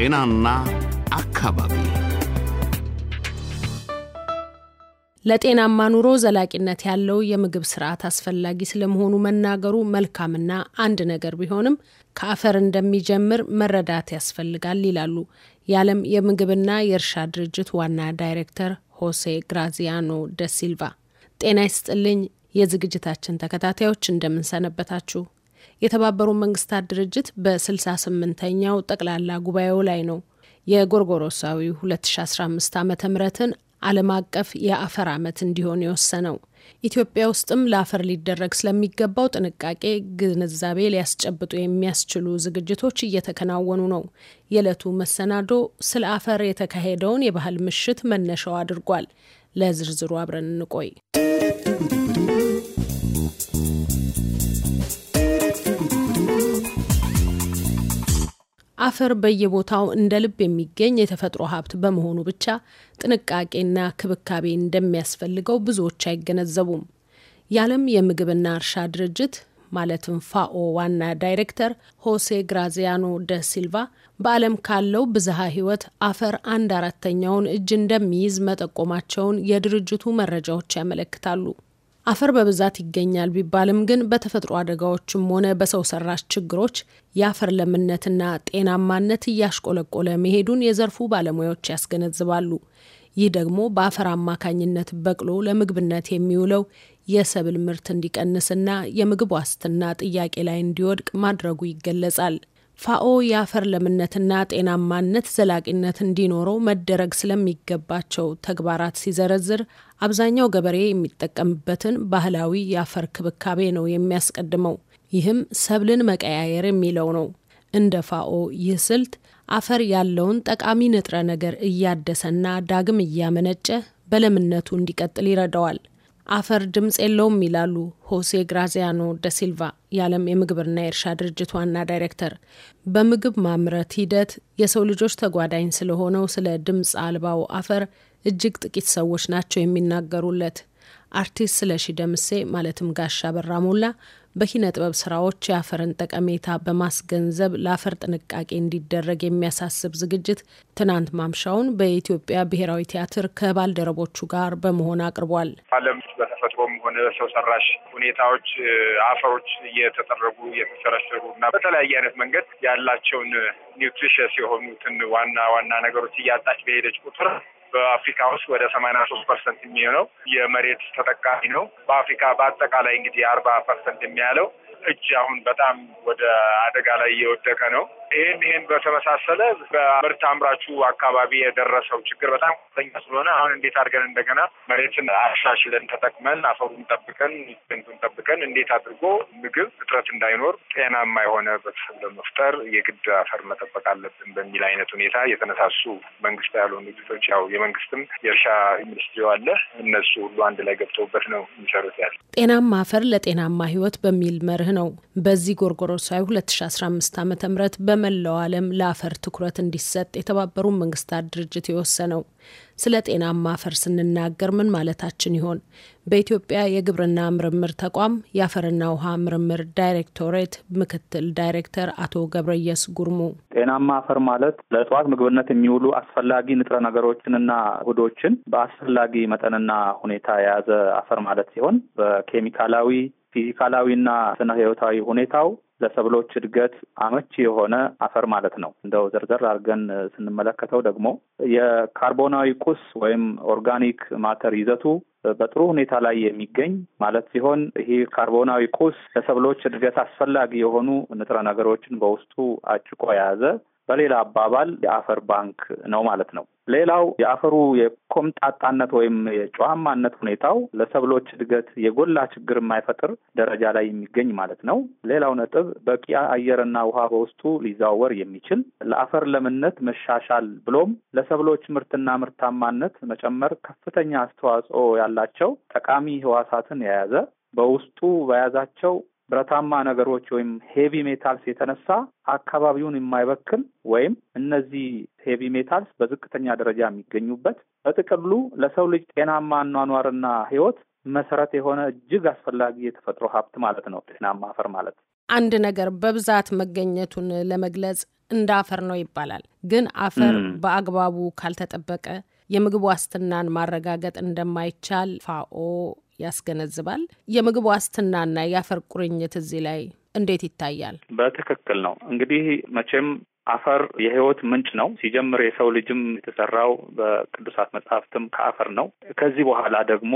ጤናና አካባቢ ለጤናማ ኑሮ ዘላቂነት ያለው የምግብ ስርዓት አስፈላጊ ስለመሆኑ መናገሩ መልካምና አንድ ነገር ቢሆንም ከአፈር እንደሚጀምር መረዳት ያስፈልጋል ይላሉ የዓለም የምግብና የእርሻ ድርጅት ዋና ዳይሬክተር ሆሴ ግራዚያኖ ደ ሲልቫ። ጤና ይስጥልኝ የዝግጅታችን ተከታታዮች እንደምንሰነበታችሁ። የተባበሩት መንግስታት ድርጅት በ68ኛው ጠቅላላ ጉባኤው ላይ ነው የጎርጎሮሳዊ 2015 ዓ ምትን ዓለም አቀፍ የአፈር ዓመት እንዲሆን የወሰነው። ኢትዮጵያ ውስጥም ለአፈር ሊደረግ ስለሚገባው ጥንቃቄ ግንዛቤ ሊያስጨብጡ የሚያስችሉ ዝግጅቶች እየተከናወኑ ነው። የዕለቱ መሰናዶ ስለ አፈር የተካሄደውን የባህል ምሽት መነሻው አድርጓል። ለዝርዝሩ አብረን እንቆይ። አፈር በየቦታው እንደ ልብ የሚገኝ የተፈጥሮ ሀብት በመሆኑ ብቻ ጥንቃቄና ክብካቤ እንደሚያስፈልገው ብዙዎች አይገነዘቡም። የዓለም የምግብና እርሻ ድርጅት ማለትም ፋኦ ዋና ዳይሬክተር ሆሴ ግራዚያኖ ደ ሲልቫ በዓለም ካለው ብዝሃ ሕይወት አፈር አንድ አራተኛውን እጅ እንደሚይዝ መጠቆማቸውን የድርጅቱ መረጃዎች ያመለክታሉ። አፈር በብዛት ይገኛል ቢባልም ግን በተፈጥሮ አደጋዎችም ሆነ በሰው ሰራሽ ችግሮች የአፈር ለምነትና ጤናማነት እያሽቆለቆለ መሄዱን የዘርፉ ባለሙያዎች ያስገነዝባሉ። ይህ ደግሞ በአፈር አማካኝነት በቅሎ ለምግብነት የሚውለው የሰብል ምርት እንዲቀንስና የምግብ ዋስትና ጥያቄ ላይ እንዲወድቅ ማድረጉ ይገለጻል። ፋኦ የአፈር ለምነትና ጤናማነት ዘላቂነት እንዲኖረው መደረግ ስለሚገባቸው ተግባራት ሲዘረዝር አብዛኛው ገበሬ የሚጠቀምበትን ባህላዊ የአፈር ክብካቤ ነው የሚያስቀድመው። ይህም ሰብልን መቀያየር የሚለው ነው። እንደ ፋኦ ይህ ስልት አፈር ያለውን ጠቃሚ ንጥረ ነገር እያደሰና ዳግም እያመነጨ በለምነቱ እንዲቀጥል ይረዳዋል። አፈር ድምጽ የለውም ይላሉ ሆሴ ግራዚያኖ ደሲልቫ የዓለም የምግብና የእርሻ ድርጅት ዋና ዳይሬክተር። በምግብ ማምረት ሂደት የሰው ልጆች ተጓዳኝ ስለሆነው ስለ ድምፅ አልባው አፈር እጅግ ጥቂት ሰዎች ናቸው የሚናገሩለት። አርቲስት ስለሺ ደምሴ ማለትም ጋሻ በራ ሞላ በኪነ ጥበብ ስራዎች የአፈርን ጠቀሜታ በማስገንዘብ ለአፈር ጥንቃቄ እንዲደረግ የሚያሳስብ ዝግጅት ትናንት ማምሻውን በኢትዮጵያ ብሔራዊ ቲያትር ከባልደረቦቹ ጋር በመሆን አቅርቧል። ዓለም በተፈጥሮም ሆነ ሰው ሰራሽ ሁኔታዎች አፈሮች እየተጠረጉ እየተሸረሸሩ እና በተለያየ አይነት መንገድ ያላቸውን ኒውትሪሽስ የሆኑትን ዋና ዋና ነገሮች እያጣች በሄደች ቁጥር በአፍሪካ ውስጥ ወደ ሰማንያ ሶስት ፐርሰንት የሚሆነው የመሬት ተጠቃሚ ነው። በአፍሪካ በአጠቃላይ እንግዲህ አርባ ፐርሰንት የሚያለው እጅ አሁን በጣም ወደ አደጋ ላይ እየወደቀ ነው። ይህን ይህን በተመሳሰለ በምርት አምራቹ አካባቢ የደረሰው ችግር በጣም ከፍተኛ ስለሆነ አሁን እንዴት አድርገን እንደገና መሬትን አሻሽለን ተጠቅመን አፈሩን ጠብቀን ንቱን ጠብቀን እንዴት አድርጎ ምግብ እጥረት እንዳይኖር ጤናማ የሆነ ቤተሰብ ለመፍጠር የግድ አፈር መጠበቅ አለብን በሚል አይነት ሁኔታ የተነሳሱ መንግስት ያልሆኑ ድርጅቶች ያው የመንግስትም የእርሻ ኢንዱስትሪ አለ። እነሱ ሁሉ አንድ ላይ ገብተውበት ነው የሚሰሩት ያለ ጤናማ አፈር ለጤናማ ህይወት በሚል መርህ ነው በዚህ ጎርጎሮሳዊ ሁለት ሺ አስራ አምስት ዓመተ ምህረት በመላው ዓለም ለአፈር ትኩረት እንዲሰጥ የተባበሩ መንግስታት ድርጅት የወሰነው። ስለ ጤናማ አፈር ስንናገር ምን ማለታችን ይሆን? በኢትዮጵያ የግብርና ምርምር ተቋም የአፈርና ውሃ ምርምር ዳይሬክቶሬት ምክትል ዳይሬክተር አቶ ገብረየስ ጉርሙ ጤናማ አፈር ማለት ለእጽዋት ምግብነት የሚውሉ አስፈላጊ ንጥረ ነገሮችንና ውህዶችን በአስፈላጊ መጠንና ሁኔታ የያዘ አፈር ማለት ሲሆን በኬሚካላዊ ፊዚካላዊና ስነ ህይወታዊ ሁኔታው ለሰብሎች እድገት አመቺ የሆነ አፈር ማለት ነው። እንደው ዘርዘር አድርገን ስንመለከተው ደግሞ የካርቦናዊ ቁስ ወይም ኦርጋኒክ ማተር ይዘቱ በጥሩ ሁኔታ ላይ የሚገኝ ማለት ሲሆን ይህ ካርቦናዊ ቁስ ለሰብሎች እድገት አስፈላጊ የሆኑ ንጥረ ነገሮችን በውስጡ አጭቆ የያዘ በሌላ አባባል የአፈር ባንክ ነው ማለት ነው። ሌላው የአፈሩ የኮምጣጣነት ወይም የጨዋማነት ሁኔታው ለሰብሎች እድገት የጎላ ችግር የማይፈጥር ደረጃ ላይ የሚገኝ ማለት ነው። ሌላው ነጥብ በቂ አየርና ውሃ በውስጡ ሊዘዋወር የሚችል ለአፈር ለምነት መሻሻል ብሎም ለሰብሎች ምርትና ምርታማነት መጨመር ከፍተኛ አስተዋጽኦ ያላቸው ጠቃሚ ህዋሳትን የያዘ በውስጡ በያዛቸው ብረታማ ነገሮች ወይም ሄቪ ሜታልስ የተነሳ አካባቢውን የማይበክል ወይም እነዚህ ሄቪ ሜታልስ በዝቅተኛ ደረጃ የሚገኙበት በጥቅሉ ለሰው ልጅ ጤናማ አኗኗርና ሕይወት መሰረት የሆነ እጅግ አስፈላጊ የተፈጥሮ ሀብት ማለት ነው። ጤናማ አፈር ማለት አንድ ነገር በብዛት መገኘቱን ለመግለጽ እንደ አፈር ነው ይባላል። ግን አፈር በአግባቡ ካልተጠበቀ የምግብ ዋስትናን ማረጋገጥ እንደማይቻል ፋኦ ያስገነዝባል። የምግብ ዋስትናና የአፈር ቁርኝት እዚህ ላይ እንዴት ይታያል? በትክክል ነው። እንግዲህ መቼም አፈር የህይወት ምንጭ ነው። ሲጀምር የሰው ልጅም የተሰራው በቅዱሳት መጽሐፍትም ከአፈር ነው። ከዚህ በኋላ ደግሞ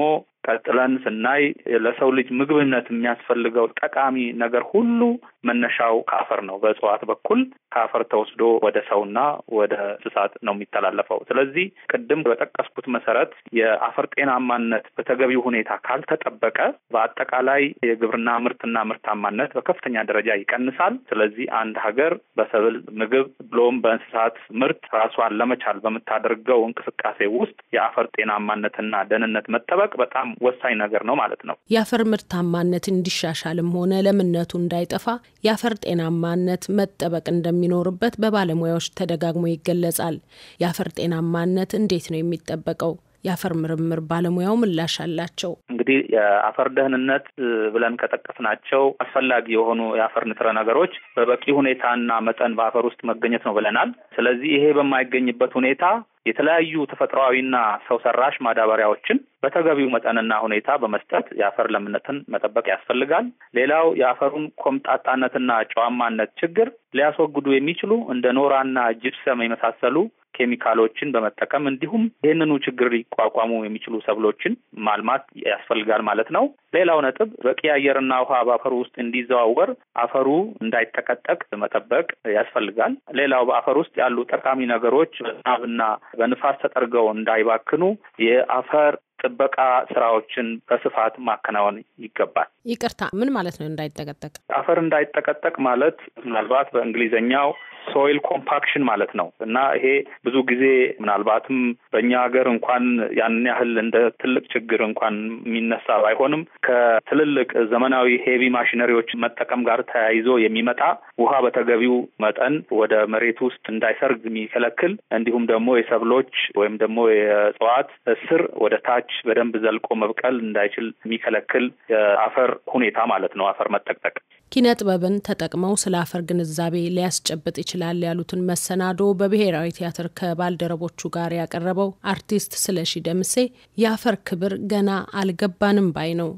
ቀጥለን ስናይ ለሰው ልጅ ምግብነት የሚያስፈልገው ጠቃሚ ነገር ሁሉ መነሻው ከአፈር ነው። በእጽዋት በኩል ከአፈር ተወስዶ ወደ ሰውና ወደ እንስሳት ነው የሚተላለፈው። ስለዚህ ቅድም በጠቀስኩት መሰረት የአፈር ጤናማነት በተገቢው ሁኔታ ካልተጠበቀ በአጠቃላይ የግብርና ምርትና ምርታማነት በከፍተኛ ደረጃ ይቀንሳል። ስለዚህ አንድ ሀገር በሰብል ምግብ፣ ብሎም በእንስሳት ምርት ራሷን ለመቻል በምታደርገው እንቅስቃሴ ውስጥ የአፈር ጤናማነትና ደህንነት መጠበቅ በጣም ወሳኝ ነገር ነው ማለት ነው። የአፈር ምርታማነት እንዲሻሻልም ሆነ ለምነቱ እንዳይጠፋ የአፈር ጤናማነት መጠበቅ እንደሚኖርበት በባለሙያዎች ተደጋግሞ ይገለጻል። የአፈር ጤናማነት እንዴት ነው የሚጠበቀው? የአፈር ምርምር ባለሙያው ምላሽ አላቸው። እንግዲህ የአፈር ደህንነት ብለን ከጠቀስናቸው አስፈላጊ የሆኑ የአፈር ንጥረ ነገሮች በበቂ ሁኔታና መጠን በአፈር ውስጥ መገኘት ነው ብለናል። ስለዚህ ይሄ በማይገኝበት ሁኔታ የተለያዩ ተፈጥሯዊና ሰው ሰራሽ ማዳበሪያዎችን በተገቢው መጠንና ሁኔታ በመስጠት የአፈር ለምነትን መጠበቅ ያስፈልጋል። ሌላው የአፈሩን ኮምጣጣነትና ጨዋማነት ችግር ሊያስወግዱ የሚችሉ እንደ ኖራና ጅብሰም የመሳሰሉ ኬሚካሎችን በመጠቀም እንዲሁም ይህንኑ ችግር ሊቋቋሙ የሚችሉ ሰብሎችን ማልማት ያስፈልጋል ማለት ነው። ሌላው ነጥብ በቂ አየርና ውሃ በአፈሩ ውስጥ እንዲዘዋወር አፈሩ እንዳይጠቀጠቅ መጠበቅ ያስፈልጋል። ሌላው በአፈር ውስጥ ያሉ ጠቃሚ ነገሮች በዝናብና በንፋስ ተጠርገው እንዳይባክኑ የአፈር ጥበቃ ስራዎችን በስፋት ማከናወን ይገባል። ይቅርታ፣ ምን ማለት ነው? እንዳይጠቀጠቅ አፈር እንዳይጠቀጠቅ ማለት ምናልባት በእንግሊዝኛው ሶይል ኮምፓክሽን ማለት ነው እና ይሄ ብዙ ጊዜ ምናልባትም በእኛ ሀገር እንኳን ያን ያህል እንደ ትልቅ ችግር እንኳን የሚነሳ ባይሆንም ከትልልቅ ዘመናዊ ሄቪ ማሽነሪዎች መጠቀም ጋር ተያይዞ የሚመጣ ውሃ በተገቢው መጠን ወደ መሬት ውስጥ እንዳይሰርግ የሚከለክል እንዲሁም ደግሞ የሰብሎች ወይም ደግሞ የእጽዋት ስር ወደ ታች በደንብ ዘልቆ መብቀል እንዳይችል የሚከለክል የአፈር ሁኔታ ማለት ነው። አፈር መጠቅጠቅ ኪነ ጥበብን ተጠቅመው ስለ አፈር ግንዛቤ ሊያስጨብጥ ይችላል ይችላል ያሉትን መሰናዶ በብሔራዊ ቲያትር ከባልደረቦቹ ጋር ያቀረበው አርቲስት ስለሺ ደምሴ የአፈር ክብር ገና አልገባንም ባይ ነው።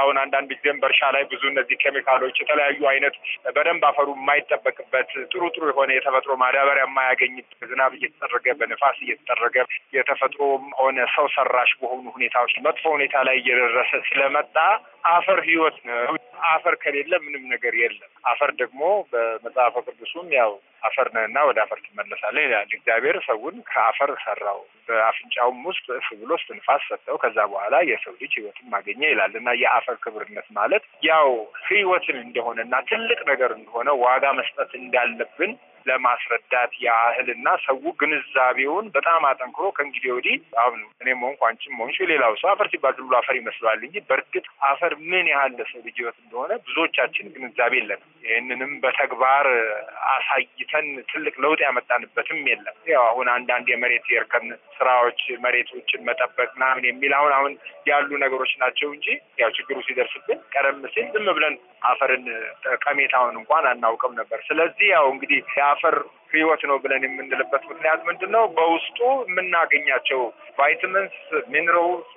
አሁን አንዳንድ ጊዜም በእርሻ ላይ ብዙ እነዚህ ኬሚካሎች የተለያዩ አይነት በደንብ አፈሩ የማይጠበቅበት ጥሩ ጥሩ የሆነ የተፈጥሮ ማዳበሪያ የማያገኝ ዝናብ እየተጠረገ በንፋስ እየተጠረገ የተፈጥሮም ሆነ ሰው ሰራሽ በሆኑ ሁኔታዎች መጥፎ ሁኔታ ላይ እየደረሰ ስለመጣ አፈር ህይወት ነው። አፈር ከሌለ ምንም ነገር የለም። አፈር ደግሞ በመጽሐፈ ቅዱሱም ያው አፈር ነህና ወደ አፈር ትመለሳለህ ይላል። እግዚአብሔር ሰውን ከአፈር ሰራው፣ በአፍንጫውም ውስጥ እፍ ብሎ እስትንፋስ ሰጠው። ከዛ በኋላ የሰው ልጅ ህይወትን ማገኘ ይላል እና የአፈር ክብርነት ማለት ያው ህይወትን እንደሆነና ትልቅ ነገር እንደሆነ ዋጋ መስጠት እንዳለብን ለማስረዳት ያህል እና ሰው ግንዛቤውን በጣም አጠንክሮ ከእንግዲህ ወዲህ አሁን እኔም ሆንኩ አንቺም ሆንሽ ሌላው ሰው አፈር ሲባል ዝም ብሎ አፈር ይመስላል እንጂ በእርግጥ አፈር ምን ያህል ለሰው ልጅ ሕይወት እንደሆነ ብዙዎቻችን ግንዛቤ የለንም። ይህንንም በተግባር አሳይተን ትልቅ ለውጥ ያመጣንበትም የለም። ያው አሁን አንዳንድ የመሬት የእርከን ስራዎች መሬቶችን መጠበቅ ምናምን የሚል አሁን አሁን ያሉ ነገሮች ናቸው እንጂ ያው ችግሩ ሲደርስብን ቀደም ሲል ዝም ብለን አፈርን ጠቀሜታውን እንኳን አናውቅም ነበር። ስለዚህ ያው እንግዲህ አፈር ህይወት ነው ብለን የምንልበት ምክንያት ምንድን ነው? በውስጡ የምናገኛቸው ቫይታሚንስ፣ ሚኒራልስ፣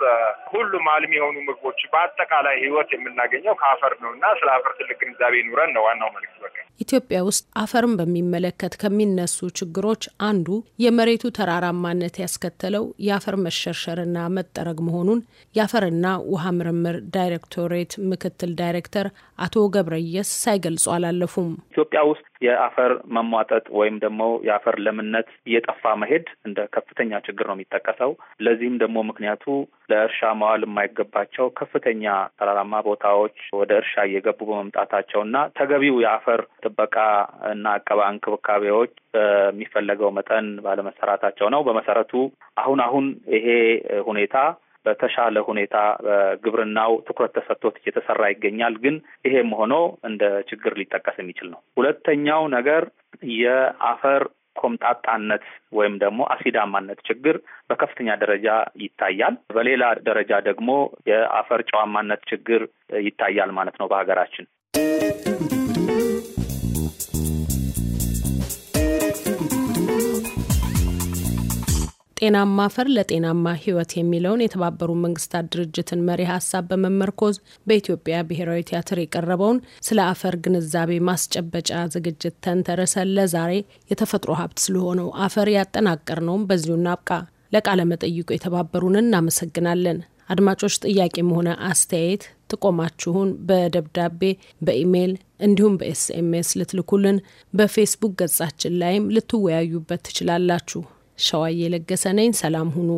ሁሉም አልሚ የሆኑ ምግቦች በአጠቃላይ ህይወት የምናገኘው ከአፈር ነው እና ስለ አፈር ትልቅ ግንዛቤ ኑረን ነው ዋናው መልዕክት በቃ። ኢትዮጵያ ውስጥ አፈርን በሚመለከት ከሚነሱ ችግሮች አንዱ የመሬቱ ተራራማነት ያስከተለው የአፈር መሸርሸርና መጠረግ መሆኑን የአፈርና ውሃ ምርምር ዳይሬክቶሬት ምክትል ዳይሬክተር አቶ ገብረየስ ሳይገልጹ አላለፉም። ኢትዮጵያ ውስጥ የአፈር መሟጠጥ ወይም ደግሞ የአፈር ለምነት እየጠፋ መሄድ እንደ ከፍተኛ ችግር ነው የሚጠቀሰው። ለዚህም ደግሞ ምክንያቱ ለእርሻ መዋል የማይገባቸው ከፍተኛ ተራራማ ቦታዎች ወደ እርሻ እየገቡ በመምጣታቸው እና ተገቢው የአፈር ጥበቃ እና አቀባ እንክብካቤዎች በሚፈለገው መጠን ባለመሰራታቸው ነው። በመሰረቱ አሁን አሁን ይሄ ሁኔታ በተሻለ ሁኔታ በግብርናው ትኩረት ተሰጥቶት እየተሰራ ይገኛል። ግን ይሄም ሆኖ እንደ ችግር ሊጠቀስ የሚችል ነው። ሁለተኛው ነገር የአፈር ኮምጣጣነት ወይም ደግሞ አሲዳማነት ችግር በከፍተኛ ደረጃ ይታያል። በሌላ ደረጃ ደግሞ የአፈር ጨዋማነት ችግር ይታያል ማለት ነው በሀገራችን ጤናማ አፈር ለጤናማ ህይወት የሚለውን የተባበሩ መንግስታት ድርጅትን መሪ ሀሳብ በመመርኮዝ በኢትዮጵያ ብሔራዊ ቲያትር የቀረበውን ስለ አፈር ግንዛቤ ማስጨበጫ ዝግጅት ተንተረሰን ለዛሬ የተፈጥሮ ሀብት ስለሆነው አፈር ያጠናቀር ነውም በዚሁ እናብቃ። ለቃለ መጠይቁ የተባበሩን እናመሰግናለን። አድማጮች ጥያቄም ሆነ አስተያየት ጥቆማችሁን በደብዳቤ በኢሜይል እንዲሁም በኤስኤምኤስ ልትልኩልን፣ በፌስቡክ ገጻችን ላይም ልትወያዩበት ትችላላችሁ። ሸዋዬ ለገሰ ነኝ። ሰላም ሁኑ።